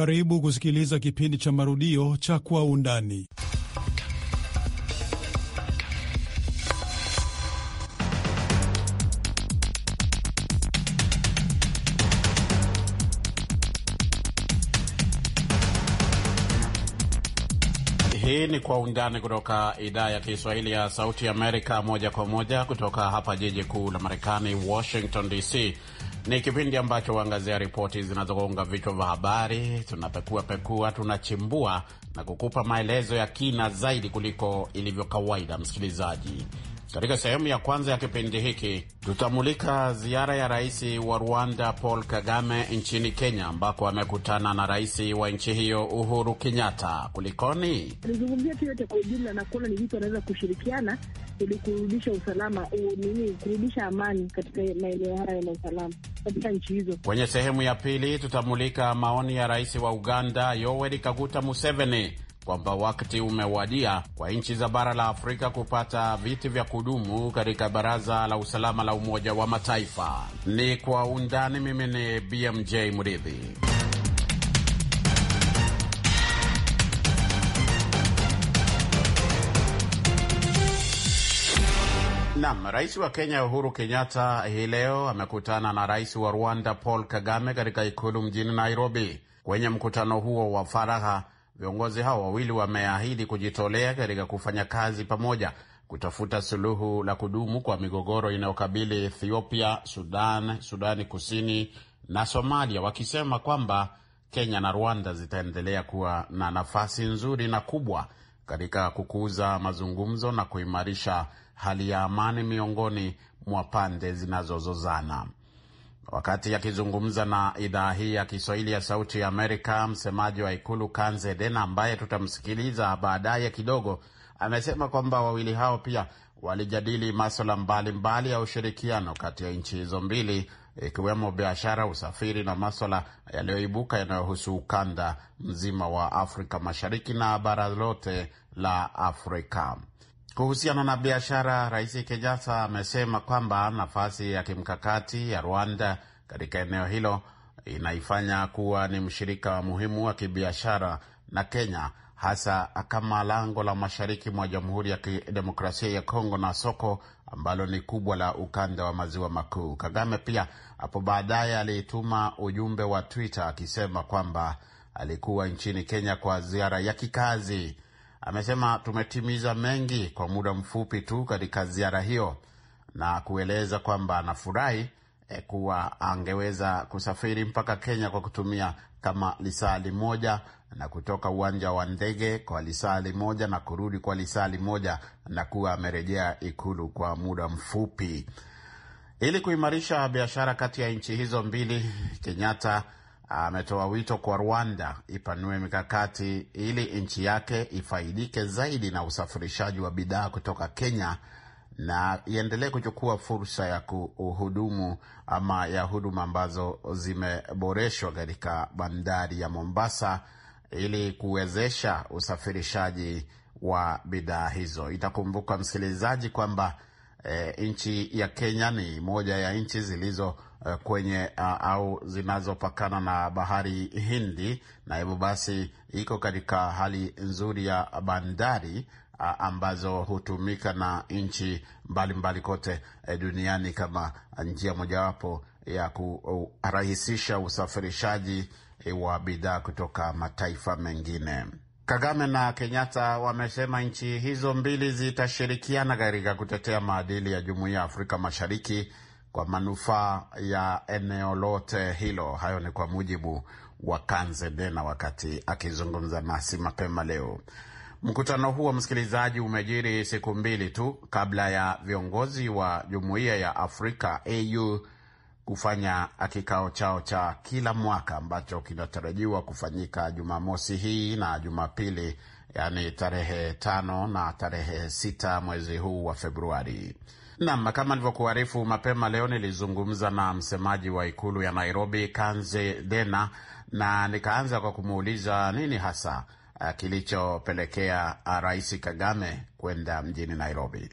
Karibu kusikiliza kipindi cha marudio cha Kwa Undani. Hii ni Kwa Undani kutoka idhaa ya Kiswahili ya Sauti Amerika, moja kwa moja kutoka hapa jiji kuu la Marekani, Washington DC ni kipindi ambacho huangazia ripoti zinazogonga vichwa vya habari, tunapekua pekua, tunachimbua na kukupa maelezo ya kina zaidi kuliko ilivyo kawaida, msikilizaji. Katika sehemu ya kwanza ya kipindi hiki tutamulika ziara ya rais wa Rwanda Paul Kagame nchini Kenya, ambako amekutana na rais wa nchi hiyo Uhuru Kenyatta. Kulikoni, nizungumzia tu yote kwa ujumla na kuona ni vitu anaweza kushirikiana ili kurudisha usalama nini, kurudisha amani katika maeneo haya na usalama katika nchi hizo. Kwenye sehemu ya pili tutamulika maoni ya rais wa Uganda Yoweri Kaguta Museveni kwamba wakati umewadia kwa nchi za bara la Afrika kupata viti vya kudumu katika Baraza la Usalama la Umoja wa Mataifa. Ni kwa undani. Mimi ni BMJ Mridhi. Nam, rais wa Kenya Uhuru Kenyatta hii leo amekutana na rais wa Rwanda Paul Kagame katika ikulu mjini Nairobi. Kwenye mkutano huo wa faragha Viongozi hao wawili wameahidi kujitolea katika kufanya kazi pamoja kutafuta suluhu la kudumu kwa migogoro inayokabili Ethiopia, Sudan, Sudani Kusini na Somalia, wakisema kwamba Kenya na Rwanda zitaendelea kuwa na nafasi nzuri na kubwa katika kukuza mazungumzo na kuimarisha hali ya amani miongoni mwa pande zinazozozana. Wakati akizungumza na idhaa hii ya Kiswahili ya Sauti ya Amerika, msemaji wa ikulu Kanze Dena, ambaye tutamsikiliza baadaye kidogo, amesema kwamba wawili hao pia walijadili maswala mbalimbali ya ushirikiano kati ya nchi hizo mbili ikiwemo biashara, usafiri na maswala yaliyoibuka yanayohusu ukanda mzima wa Afrika Mashariki na bara lote la Afrika. Kuhusiana na biashara, Rais Kenyatta amesema kwamba nafasi ya kimkakati ya Rwanda katika eneo hilo inaifanya kuwa ni mshirika muhimu wa kibiashara na Kenya, hasa kama lango la mashariki mwa Jamhuri ya Kidemokrasia ya Kongo na soko ambalo ni kubwa la ukanda wa maziwa makuu. Kagame pia hapo baadaye alituma ujumbe wa Twitter akisema kwamba alikuwa nchini Kenya kwa ziara ya kikazi amesema tumetimiza mengi kwa muda mfupi tu katika ziara hiyo na kueleza kwamba anafurahi e, kuwa angeweza kusafiri mpaka Kenya kwa kutumia kama lisali moja na kutoka uwanja wa ndege kwa lisali moja na kurudi kwa lisali moja na kuwa amerejea ikulu kwa muda mfupi. Ili kuimarisha biashara kati ya nchi hizo mbili, Kenyatta ametoa wito kwa Rwanda ipanue mikakati ili nchi yake ifaidike zaidi na usafirishaji wa bidhaa kutoka Kenya na iendelee kuchukua fursa ya kuhudumu ama ya huduma ambazo zimeboreshwa katika bandari ya Mombasa ili kuwezesha usafirishaji wa bidhaa hizo. Itakumbuka msikilizaji kwamba e, eh, nchi ya Kenya ni moja ya nchi zilizo e, kwenye a, au zinazopakana na bahari Hindi, na hivyo basi iko katika hali nzuri ya bandari a, ambazo hutumika na nchi mbalimbali kote e, duniani kama njia mojawapo ya kurahisisha usafirishaji wa bidhaa kutoka mataifa mengine. Kagame na Kenyatta wamesema nchi hizo mbili zitashirikiana katika kutetea maadili ya Jumuiya ya Afrika Mashariki kwa manufaa ya eneo lote hilo. Hayo ni kwa mujibu wa Kanze Dena wakati akizungumza nasi mapema leo. Mkutano huo, msikilizaji, umejiri siku mbili tu kabla ya viongozi wa Jumuiya ya Afrika au kufanya kikao chao cha kila mwaka ambacho kinatarajiwa kufanyika Jumamosi hii na Jumapili, yaani tarehe tano na tarehe sita mwezi huu wa Februari. nam kama nilivyokuarifu mapema leo, nilizungumza na msemaji wa ikulu ya Nairobi, Kanze Dena, na nikaanza kwa kumuuliza nini hasa eh, kilichopelekea eh, Rais Kagame kwenda mjini Nairobi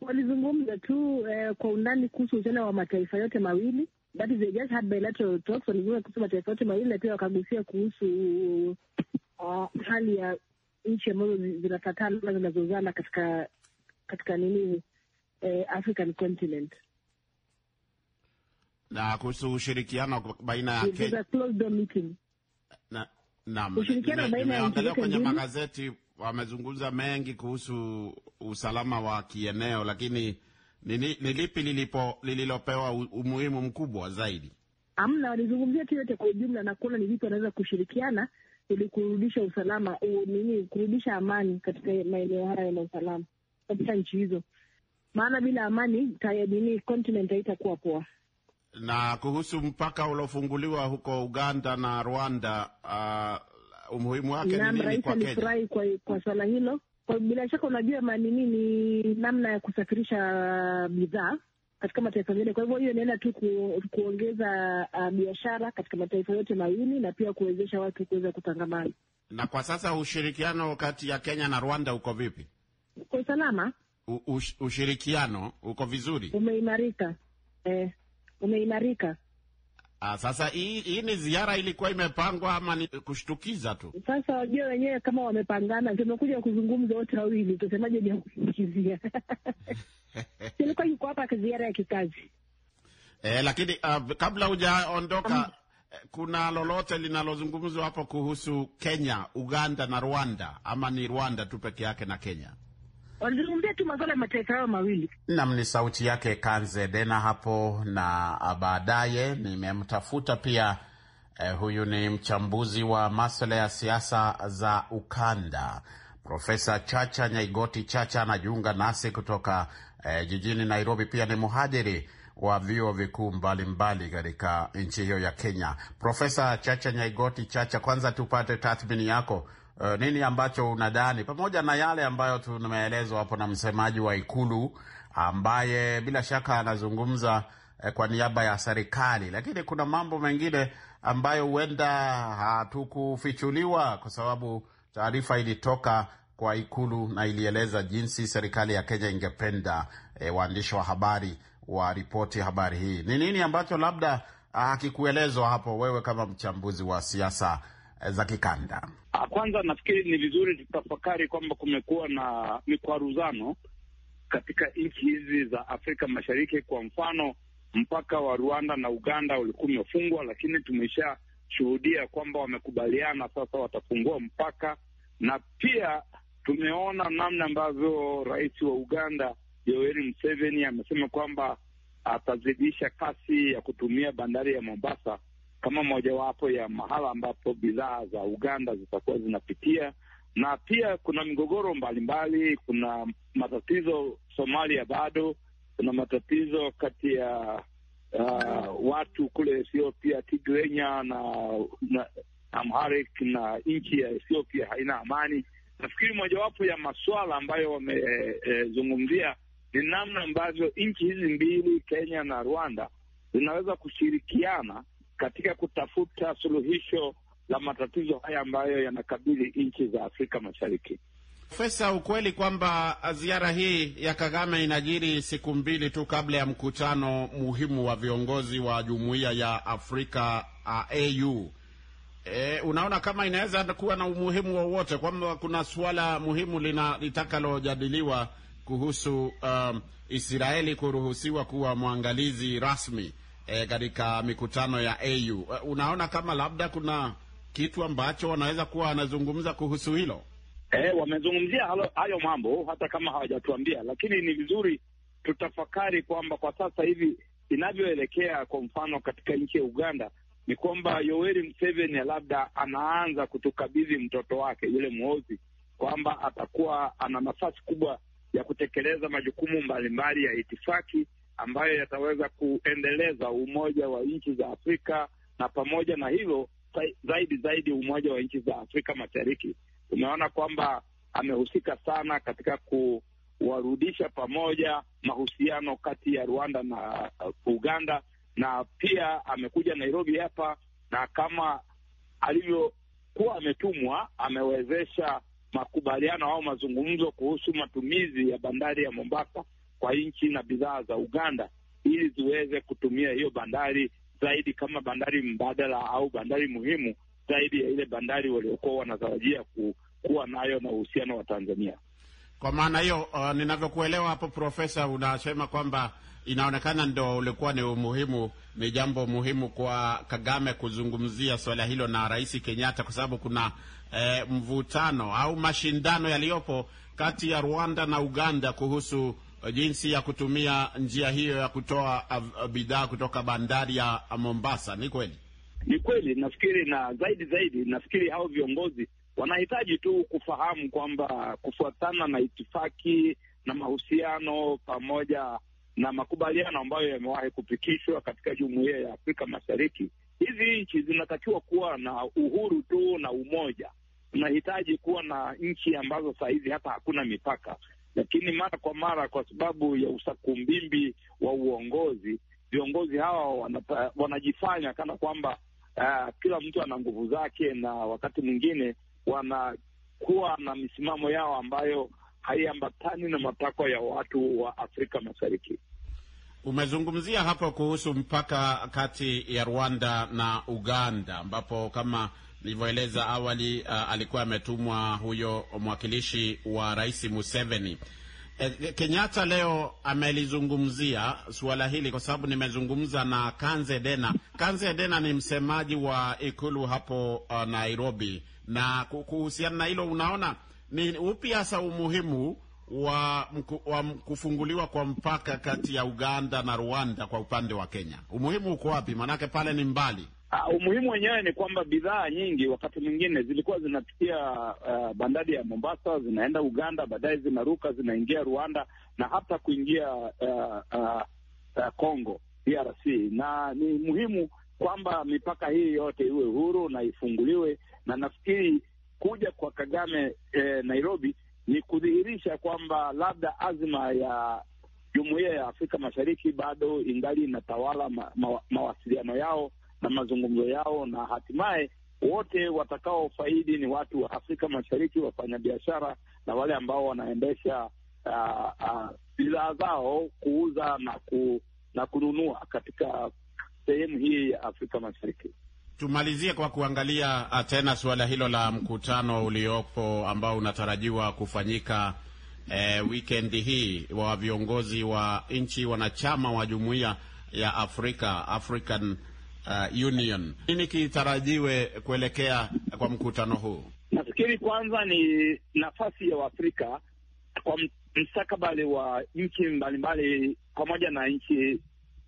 walizungumza tu eh, kwa undani kuhusu uhusiano wa mataifa yote mawili that they just had bilateral talks. Walizungumza kuhusu mataifa yote mawili na pia wakagusia kuhusu uh, hali ya nchi ambazo zinafatana ama zinazozana katika katika nini eh, African continent na kuhusu ushirikiano baina ya na ushirikiano baina ya nchi kwenye magazeti wamezungumza mengi kuhusu usalama wa kieneo, lakini ni lipi lilipo lililopewa umuhimu mkubwa zaidi? Amna walizungumzia tu yote kwa ujumla na kuona ni vipi wanaweza kushirikiana ili kurudisha usalama u, nini kurudisha amani katika maeneo haya yana usalama katika nchi hizo, maana bila amani tayanini continent haitakuwa poa. Na kuhusu mpaka uliofunguliwa huko Uganda na Rwanda, uh, umuhimu wake ni nini kwa Kenya? Alifurahi kwa, kwa swala hilo kwa, bila shaka unajua manini ni namna ya kusafirisha bidhaa katika mataifa mengine. Kwa hivyo hiyo inaenda tu ku, kuongeza uh, biashara katika mataifa yote mawili na pia kuwezesha watu kuweza kutangamana. Na kwa sasa ushirikiano kati ya Kenya na Rwanda uko vipi? Uko salama? U, ush, ushirikiano uko vizuri, umeimarika eh, umeimarika Ah, sasa hii hii ni ziara ilikuwa imepangwa ama ni kushtukiza tu? Sasa wajua wenyewe kama wamepangana, tumekuja kuzungumza wote wawili, tusemaje Ni ya kushtukizia ilikuwa yuko hapa ziara ya kikazi eh, lakini uh, kabla hujaondoka um, kuna lolote linalozungumzwa hapo kuhusu Kenya, Uganda na Rwanda ama ni Rwanda tu peke yake na Kenya? walizungumzia tu masuala ya mataifa hayo mawili. Nam ni sauti yake Kanze Dena hapo, na baadaye nimemtafuta pia eh, huyu ni mchambuzi wa masuala ya siasa za ukanda Profesa Chacha Nyaigoti Chacha anajiunga nasi kutoka eh, jijini Nairobi. Pia ni mhadhiri wa vyuo vikuu mbalimbali katika nchi hiyo ya Kenya. Profesa Chacha Nyaigoti Chacha, kwanza tupate tathmini yako uh, nini ambacho unadhani pamoja na yale ambayo tumeelezwa hapo na msemaji wa Ikulu ambaye bila shaka anazungumza eh, kwa niaba ya serikali, lakini kuna mambo mengine ambayo huenda hatukufichuliwa kwa sababu taarifa ilitoka kwa Ikulu na ilieleza jinsi serikali ya Kenya ingependa eh, waandishi wa habari ripoti habari hii. Ni nini ambacho labda ah, akikuelezwa hapo wewe kama mchambuzi wa siasa Eh, za kikanda? Ah, kwanza nafikiri ni vizuri tutafakari kwamba kumekuwa na mikwaruzano katika nchi hizi za Afrika Mashariki. Kwa mfano, mpaka wa Rwanda na Uganda ulikuwa umefungwa, lakini tumeshashuhudia kwamba wamekubaliana sasa watafungua mpaka, na pia tumeona namna ambavyo rais wa Uganda Yoweri Museveni amesema kwamba atazidisha kasi ya kutumia bandari ya Mombasa kama mojawapo ya mahala ambapo bidhaa za Uganda zitakuwa zinapitia, na pia kuna migogoro mbalimbali. Kuna matatizo Somalia, bado kuna matatizo kati ya uh, watu kule Ethiopia, Tigrenya na, na Amharic, na nchi ya Ethiopia haina amani. Nafikiri mojawapo ya masuala ambayo wamezungumzia e, ni namna ambavyo nchi hizi mbili Kenya na Rwanda zinaweza kushirikiana katika kutafuta suluhisho la matatizo haya ambayo yanakabili nchi za Afrika Mashariki. Profesa, ukweli kwamba ziara hii ya Kagame inajiri siku mbili tu kabla ya mkutano muhimu wa viongozi wa jumuiya ya Afrika AU e, unaona kama inaweza kuwa na umuhimu wowote kwamba kuna suala muhimu litakalojadiliwa kuhusu um, Israeli kuruhusiwa kuwa mwangalizi rasmi e, katika mikutano ya AU. E, unaona kama labda kuna kitu ambacho wanaweza kuwa wanazungumza kuhusu hilo? E, wamezungumzia hayo mambo hata kama hawajatuambia, lakini ni vizuri tutafakari kwamba kwa sasa hivi inavyoelekea, kwa mfano katika nchi ya Uganda ni kwamba Yoweri Museveni labda anaanza kutukabidhi mtoto wake yule mwozi kwamba atakuwa ana nafasi kubwa ya kutekeleza majukumu mbalimbali ya itifaki ambayo yataweza kuendeleza umoja wa nchi za Afrika, na pamoja na hilo zaidi zaidi umoja wa nchi za Afrika Mashariki. Tumeona kwamba amehusika sana katika kuwarudisha pamoja mahusiano kati ya Rwanda na Uganda, na pia amekuja Nairobi hapa, na kama alivyokuwa ametumwa, amewezesha makubaliano au mazungumzo kuhusu matumizi ya bandari ya Mombasa kwa nchi na bidhaa za Uganda ili ziweze kutumia hiyo bandari zaidi kama bandari mbadala au bandari muhimu zaidi ya ile bandari waliokuwa wanatarajia ku, kuwa nayo na uhusiano wa Tanzania. Kwa maana hiyo, uh, ninavyokuelewa hapo Profesa, unasema kwamba inaonekana ndo ulikuwa ni umuhimu, ni jambo muhimu kwa Kagame kuzungumzia swala hilo na Rais Kenyatta kwa sababu kuna eh, mvutano au mashindano yaliyopo kati ya Rwanda na Uganda kuhusu Eh, jinsi ya kutumia njia hiyo ya kutoa eh, bidhaa kutoka bandari ya Mombasa. Ni kweli, ni kweli. Nafikiri na zaidi zaidi, nafikiri hao viongozi wanahitaji tu kufahamu kwamba kufuatana na itifaki na mahusiano pamoja na makubaliano ambayo yamewahi kupitishwa katika jumuiya ya Afrika Mashariki, hizi nchi zinatakiwa kuwa na uhuru tu na umoja. Tunahitaji kuwa na nchi ambazo saa hizi hata hakuna mipaka, lakini mara kwa mara, kwa sababu ya usakumbimbi wa uongozi, viongozi hawa wanapa, wanajifanya kana kwamba uh, kila mtu ana nguvu zake, na wakati mwingine wanakuwa na misimamo yao ambayo haiambatani na matakwa ya watu wa Afrika Mashariki. Umezungumzia hapo kuhusu mpaka kati ya Rwanda na Uganda ambapo kama nilivyoeleza awali, uh, alikuwa ametumwa huyo mwakilishi wa Rais Museveni. E, Kenyatta leo amelizungumzia suala hili kwa sababu nimezungumza na Kanze Dena. Kanze Dena ni msemaji wa ikulu hapo uh, Nairobi, na kuhusiana na hilo, unaona ni upi hasa umuhimu wa, mku, wa kufunguliwa kwa mpaka kati ya Uganda na Rwanda kwa upande wa Kenya? Umuhimu uko wapi? Maanake pale ni mbali. Uh, umuhimu wenyewe ni kwamba bidhaa nyingi wakati mwingine zilikuwa zinapitia uh, bandari ya Mombasa, zinaenda Uganda, baadaye zinaruka zinaingia Rwanda na hata kuingia uh, uh, uh, DRC, na ni muhimu kwamba mipaka hii yote iwe huru na ifunguliwe, na nafikiri kuja kwa Kagame eh, Nairobi ni kudhihirisha kwamba labda azma ya jumuiya ya Afrika Mashariki bado ingali inatawala ma, ma, mawasiliano yao na mazungumzo yao, na hatimaye wote watakaofaidi ni watu wa Afrika Mashariki, wafanyabiashara na wale ambao wanaendesha ah, ah, bidhaa uh, uh, zao kuuza na, ku, na kununua katika sehemu hii ya Afrika Mashariki. Tumalizie kwa kuangalia ah, tena suala hilo la mkutano uliopo ambao unatarajiwa kufanyika eh, wikendi hii wa viongozi wa nchi wanachama wa jumuiya ya Afrika African uh, Union. Nini kitarajiwe kuelekea kwa mkutano huu? Nafikiri kwanza ni nafasi ya Waafrika kwa mstakabali wa nchi mbalimbali pamoja na nchi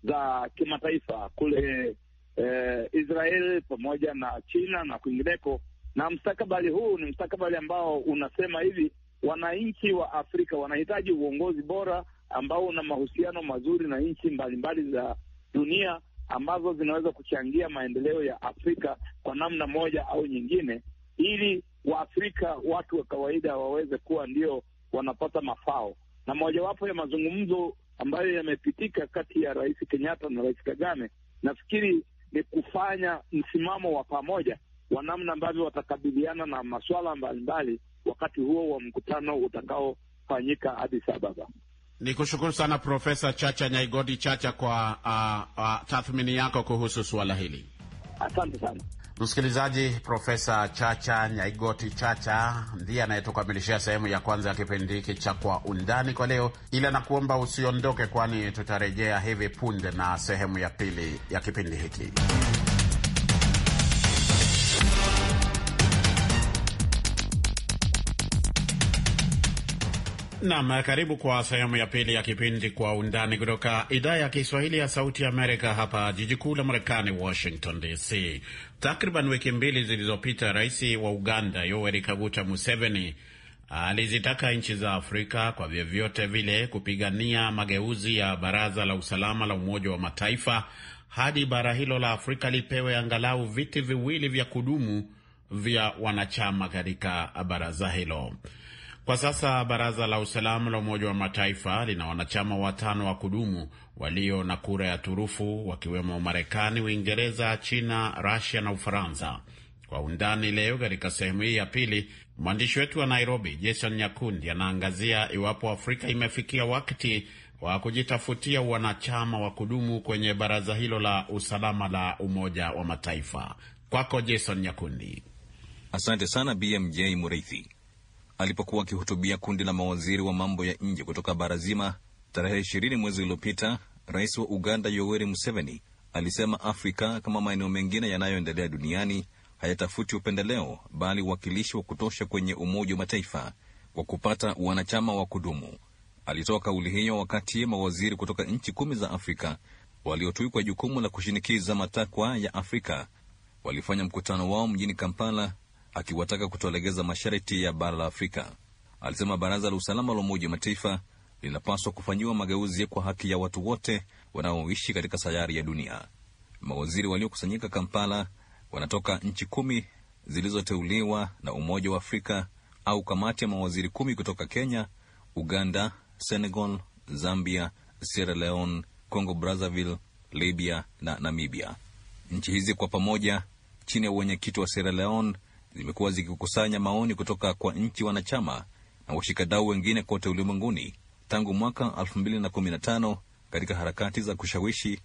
za kimataifa kule eh, Israel pamoja na China na kwingineko. Na mstakabali huu ni mstakabali ambao unasema hivi, wananchi wa Afrika wanahitaji uongozi bora ambao una mahusiano mazuri na nchi mbalimbali za dunia ambazo zinaweza kuchangia maendeleo ya Afrika kwa namna moja au nyingine, ili Waafrika watu wa kawaida waweze kuwa ndio wanapata mafao. Na mojawapo ya mazungumzo ambayo yamepitika kati ya Rais Kenyatta na Rais Kagame, nafikiri ni kufanya msimamo wa pamoja wa namna ambavyo watakabiliana na masuala mbalimbali wakati huo wa mkutano utakaofanyika Addis Ababa. Ni kushukuru sana Profesa Chacha Nyaigodi Chacha kwa uh, uh, tathmini yako kuhusu suala hili. Asante sana msikilizaji. Profesa Chacha Nyaigoti Chacha ndiye anayetukamilishia sehemu ya kwanza ya kipindi hiki cha Kwa Undani kwa leo, ila nakuomba usiondoke, kwani tutarejea hivi punde na sehemu ya pili ya kipindi hiki. Nam, karibu kwa sehemu ya pili ya kipindi Kwa Undani kutoka idhaa ya Kiswahili ya Sauti ya Amerika, hapa jiji kuu la Marekani, Washington DC. Takriban wiki mbili zilizopita, rais wa Uganda Yoweri Kaguta Museveni alizitaka nchi za Afrika kwa vyovyote vile kupigania mageuzi ya Baraza la Usalama la Umoja wa Mataifa hadi bara hilo la Afrika lipewe angalau viti viwili vya kudumu vya wanachama katika baraza hilo. Kwa sasa baraza la usalama la Umoja wa Mataifa lina wanachama watano wa kudumu walio na kura ya turufu wakiwemo Marekani, Uingereza, China, Rusia na Ufaransa. Kwa undani leo katika sehemu hii ya pili, mwandishi wetu wa Nairobi Jason Nyakundi anaangazia iwapo Afrika imefikia wakati wa kujitafutia wanachama wa kudumu kwenye baraza hilo la usalama la Umoja wa Mataifa. Kwako Jason Nyakundi. Asante sana BMJ Mureithi alipokuwa akihutubia kundi la mawaziri wa mambo ya nje kutoka bara zima tarehe ishirini mwezi uliopita, rais wa Uganda Yoweri Museveni alisema Afrika kama maeneo mengine yanayoendelea duniani hayatafuti upendeleo bali uwakilishi wa kutosha kwenye Umoja wa Mataifa kwa kupata wanachama wa kudumu. Alitoa kauli hiyo wakati mawaziri kutoka nchi kumi za Afrika waliotuikwa jukumu la kushinikiza matakwa ya Afrika walifanya mkutano wao mjini Kampala akiwataka kutolegeza masharti ya bara la Afrika. Alisema baraza la usalama la Umoja wa Mataifa linapaswa kufanyiwa mageuzi kwa haki ya watu wote wanaoishi katika sayari ya dunia. Mawaziri waliokusanyika Kampala wanatoka nchi kumi zilizoteuliwa na Umoja wa Afrika au kamati ya mawaziri kumi kutoka Kenya, Uganda, Senegal, Zambia, Sierra Leone, Congo Brazzaville, Libya na Namibia. Nchi hizi kwa pamoja chini ya uwenyekiti wa Sierra Leone zimekuwa zikikusanya maoni kutoka kwa nchi wanachama na washikadau wengine kote ulimwenguni tangu mwaka 2015 katika harakati za kushawishi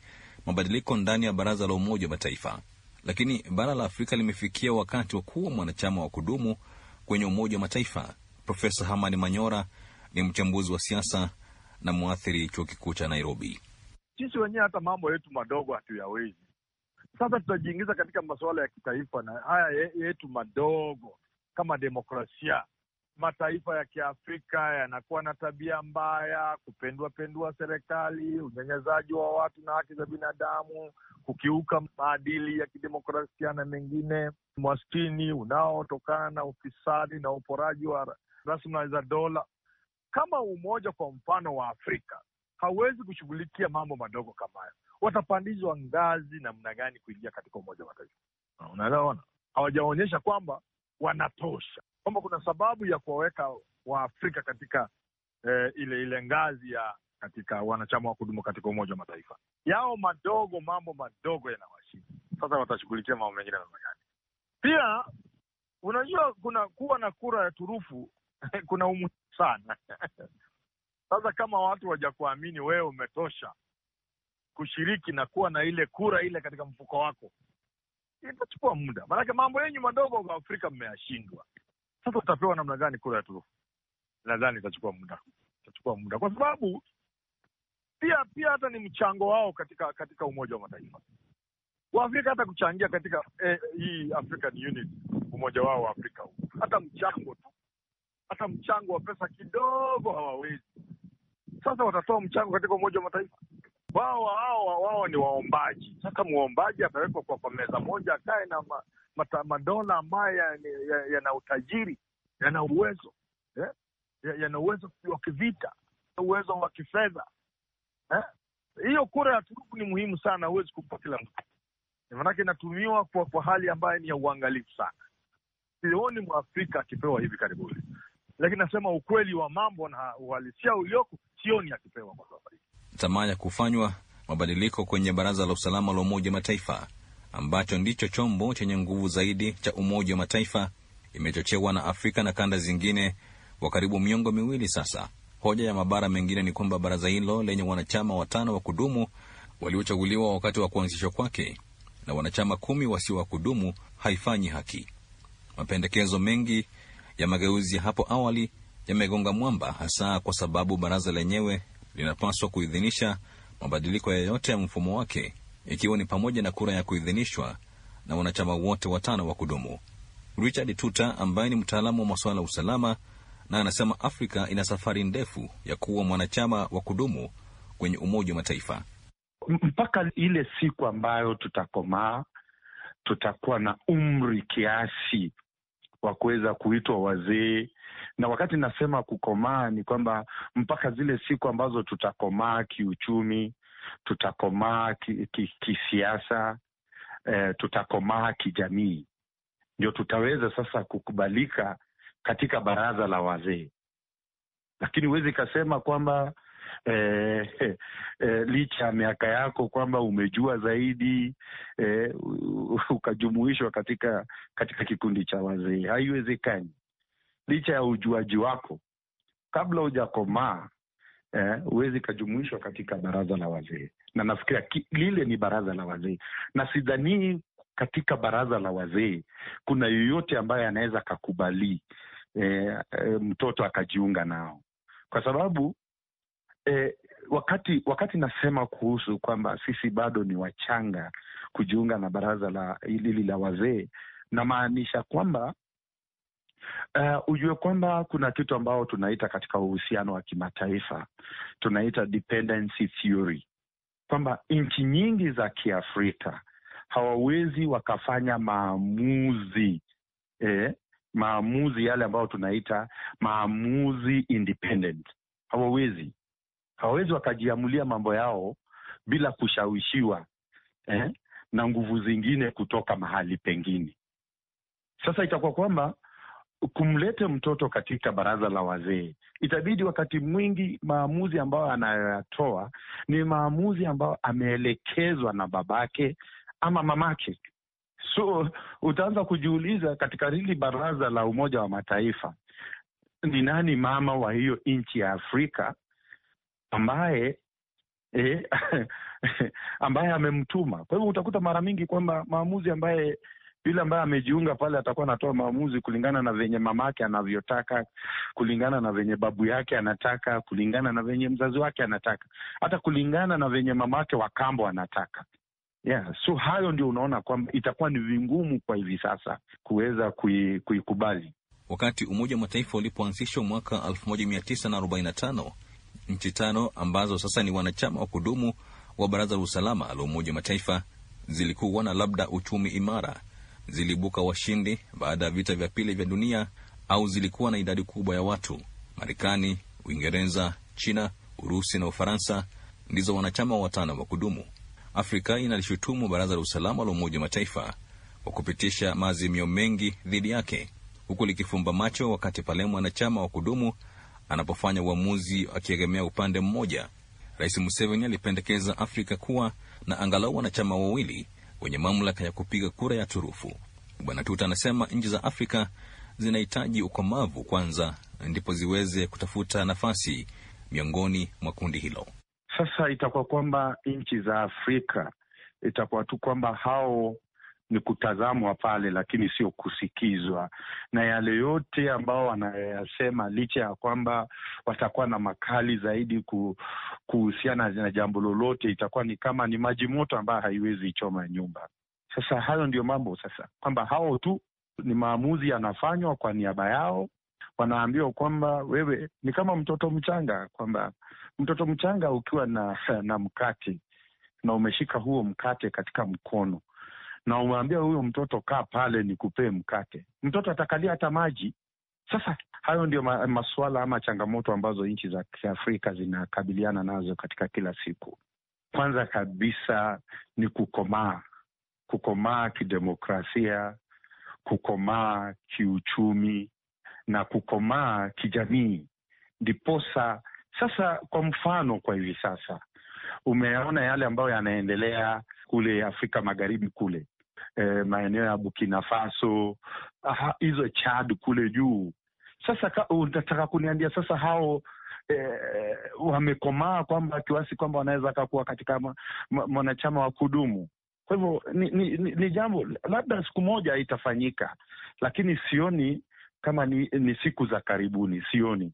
mabadiliko ndani ya Baraza la Umoja wa Mataifa. Lakini bara la Afrika limefikia wakati wa kuwa mwanachama wa kudumu kwenye Umoja wa Mataifa. Profesa Hamani Manyora ni mchambuzi wa siasa na mwathiri chuo kikuu cha Nairobi. Sisi wenyewe hata mambo yetu madogo hatuyawezi, sasa tutajiingiza katika masuala ya kitaifa na haya yetu madogo kama demokrasia. Mataifa ya Kiafrika yanakuwa na tabia mbaya, kupendua pendua serikali, unyanyasaji wa watu na haki za binadamu, kukiuka maadili ya kidemokrasia na mengine, maskini unaotokana na ufisadi na uporaji wa rasilimali za dola. Kama umoja kwa mfano wa Afrika hauwezi kushughulikia mambo madogo kama hayo watapandizwa ngazi namna gani kuingia katika Umoja wa Mataifa. Unaona, hawajaonyesha kwamba wanatosha, kwamba kuna sababu ya kuwaweka Waafrika katika eh, ile ile ngazi ya katika wanachama wa kudumu katika Umoja wa Mataifa. Yao madogo, mambo madogo yanawashinda. Sasa watashughulikia mambo mengine namna gani? Pia unajua kuna kuwa na kura ya turufu kuna umuhimu sana sasa kama watu wajakuamini wewe umetosha, kushiriki na kuwa na ile kura ile katika mfuko wako, itachukua muda, maanake mambo yenyu madogo kwa Afrika mmeyashindwa. Sasa utapewa namna gani kura ya turufu? Nadhani itachukua muda, itachukua muda kwa sababu pia pia hata ni mchango wao katika katika Umoja wa Mataifa Waafrika hata kuchangia katika eh, hii African Union, umoja wao wa Afrika huu, hata mchango tu, hata mchango wa pesa kidogo hawawezi. Sasa watatoa mchango katika Umoja wa Mataifa wao wao wao ni waombaji. Sasa mwombaji atawekwa kwa, kwa meza moja akae na ma, mata, madola ambayo yana ya, ya utajiri yana uwezo eh? yana ya uwezo wa kivita, uwezo wa kifedha eh? hiyo eh? Kura ya turufu ni muhimu sana, huwezi kumpa kila mtu, maanake inatumiwa kwa, kwa hali ambayo ni ya uangalifu sana. Sioni mwafrika akipewa hivi karibuni, lakini nasema ukweli wa mambo na uhalisia ulioko, sioni akipewa kwa safari tamaa ya kufanywa mabadiliko kwenye Baraza la Usalama la Umoja wa Mataifa, ambacho ndicho chombo chenye nguvu zaidi cha Umoja wa Mataifa, imechochewa na Afrika na kanda zingine kwa karibu miongo miwili sasa. Hoja ya mabara mengine ni kwamba baraza hilo lenye wanachama watano wa kudumu waliochaguliwa wakati wa kuanzishwa kwake na wanachama kumi wasio wa kudumu haifanyi haki. Mapendekezo mengi ya mageuzi hapo awali yamegonga mwamba, hasa kwa sababu baraza lenyewe linapaswa kuidhinisha mabadiliko yoyote ya, ya mfumo wake ikiwa ni pamoja na kura ya kuidhinishwa na wanachama wote watano wa kudumu. Richard Tuta ambaye ni mtaalamu wa masuala ya usalama na anasema Afrika ina safari ndefu ya kuwa mwanachama wa kudumu kwenye Umoja wa Mataifa. Mpaka ile siku ambayo tutakomaa, tutakuwa na umri kiasi wa kuweza kuitwa wazee na wakati nasema kukomaa ni kwamba mpaka zile siku ambazo tutakomaa kiuchumi, tutakomaa kisiasa, ki, ki eh, tutakomaa kijamii, ndio tutaweza sasa kukubalika katika baraza la wazee. Lakini huwezi ikasema kwamba eh, eh, licha ya miaka yako kwamba umejua zaidi eh, ukajumuishwa katika katika kikundi cha wazee, haiwezekani licha ya ujuaji wako kabla hujakomaa eh, huwezi eh, ikajumuishwa katika baraza la wazee, na nafikiria lile ni baraza la wazee, na sidhanii katika baraza la wazee kuna yoyote ambaye anaweza akakubali eh, eh, mtoto akajiunga nao, kwa sababu eh, wakati wakati nasema kuhusu kwamba sisi bado ni wachanga kujiunga na baraza la hili la wazee, namaanisha kwamba Uh, ujue kwamba kuna kitu ambao tunaita katika uhusiano wa kimataifa tunaita dependency theory, kwamba nchi nyingi za Kiafrika hawawezi wakafanya maamuzi eh, maamuzi yale ambayo tunaita maamuzi independent. Hawawezi hawawezi wakajiamulia mambo yao bila kushawishiwa eh, na nguvu zingine kutoka mahali pengine. Sasa itakuwa kwamba kumleta mtoto katika baraza la wazee, itabidi wakati mwingi maamuzi ambayo anayoyatoa ni maamuzi ambayo ameelekezwa na babake ama mamake. So utaanza kujiuliza katika hili baraza la Umoja wa Mataifa, ni nani mama wa hiyo nchi ya Afrika ambaye eh, ambaye amemtuma? Kwa hivyo utakuta mara mingi kwamba maamuzi ambaye yule ambaye amejiunga pale atakuwa anatoa maamuzi kulingana na venye mamake anavyotaka, kulingana na venye babu yake anataka, kulingana na venye mzazi wake anataka, hata kulingana na venye mamake wa kambo anataka. Yeah, so hayo ndio unaona kwamba itakuwa ni vingumu kwa hivi sasa kuweza kuikubali kui. Wakati Umoja wa Mataifa ulipoanzishwa mwaka 1945 nchi tano ambazo sasa ni wanachama wa kudumu wa Baraza la Usalama la Umoja wa Mataifa zilikuwa na labda uchumi imara ziliibuka washindi baada ya vita vya pili vya dunia au zilikuwa na idadi kubwa ya watu. Marekani, Uingereza, China, Urusi na Ufaransa ndizo wanachama watano wa kudumu. Afrika inalishutumu Baraza la Usalama la Umoja wa Mataifa kwa kupitisha maazimio mengi dhidi yake, huku likifumba macho wakati pale mwanachama wa kudumu anapofanya uamuzi akiegemea upande mmoja. Rais Museveni alipendekeza Afrika kuwa na angalau wanachama wawili wenye mamlaka ya kupiga kura ya turufu. Bwana Tuta anasema nchi za Afrika zinahitaji ukomavu kwanza, ndipo ziweze kutafuta nafasi miongoni mwa kundi hilo. Sasa itakuwa kwamba nchi za Afrika itakuwa tu kwamba hao ni kutazamwa pale, lakini sio kusikizwa. Na yale yote ambao wanayasema, licha ya kwamba watakuwa na makali zaidi kuhusiana na jambo lolote, itakuwa ni kama ni maji moto ambayo haiwezi choma nyumba. Sasa hayo ndio mambo sasa, kwamba hao tu ni maamuzi yanafanywa kwa niaba yao. Wanaambiwa kwamba wewe ni kama mtoto mchanga, kwamba mtoto mchanga ukiwa na na mkate na umeshika huo mkate katika mkono na umwambia huyo mtoto kaa pale ni kupee mkate, mtoto atakalia hata maji. Sasa hayo ndio ma masuala ama changamoto ambazo nchi za Kiafrika zinakabiliana nazo katika kila siku. Kwanza kabisa ni kukomaa, kukomaa kidemokrasia, kukomaa kiuchumi na kukomaa kijamii, ndiposa sasa, kwa mfano, kwa hivi sasa umeona yale ambayo yanaendelea kule Afrika Magharibi kule eh, maeneo ya Burkina Faso, hizo Chad kule juu. Sasa unataka kuniambia sasa hao eh, wamekomaa kwamba kiwasi kwamba wanaweza kakuwa katika mwanachama wa kudumu? Kwa hivyo ni, ni, ni, ni jambo labda siku moja itafanyika, lakini sioni kama ni, ni siku za karibuni, sioni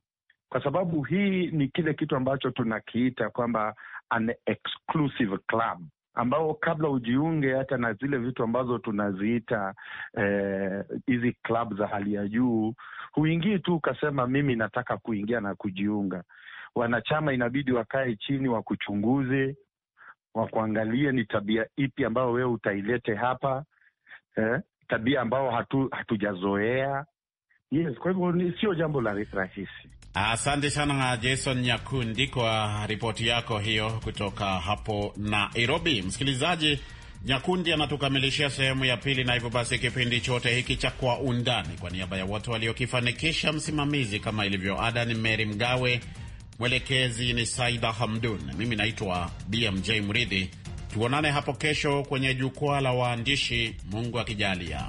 kwa sababu hii ni kile kitu ambacho tunakiita kwamba an exclusive club ambao kabla ujiunge hata na zile vitu ambazo tunaziita eh, hizi eh, club za hali ya juu, huingii tu ukasema mimi nataka kuingia na kujiunga. Wanachama inabidi wakae chini, wakuchunguze, wakuangalie ni tabia ipi ambayo wewe utailete hapa eh, tabia ambayo hatu, hatujazoea. Yes, kwa hivyo sio jambo la rahisi. Asante sana Jason Nyakundi kwa ah, ripoti yako hiyo kutoka hapo Nairobi. Msikilizaji, Nyakundi anatukamilishia sehemu ya pili, na hivyo basi kipindi chote hiki cha Kwa Undani, kwa niaba ya wote waliokifanikisha, msimamizi kama ilivyo ada ni Meri Mgawe, mwelekezi ni Saida Hamdun, mimi naitwa BMJ Mridhi. Tuonane hapo kesho kwenye jukwaa la waandishi, Mungu akijalia.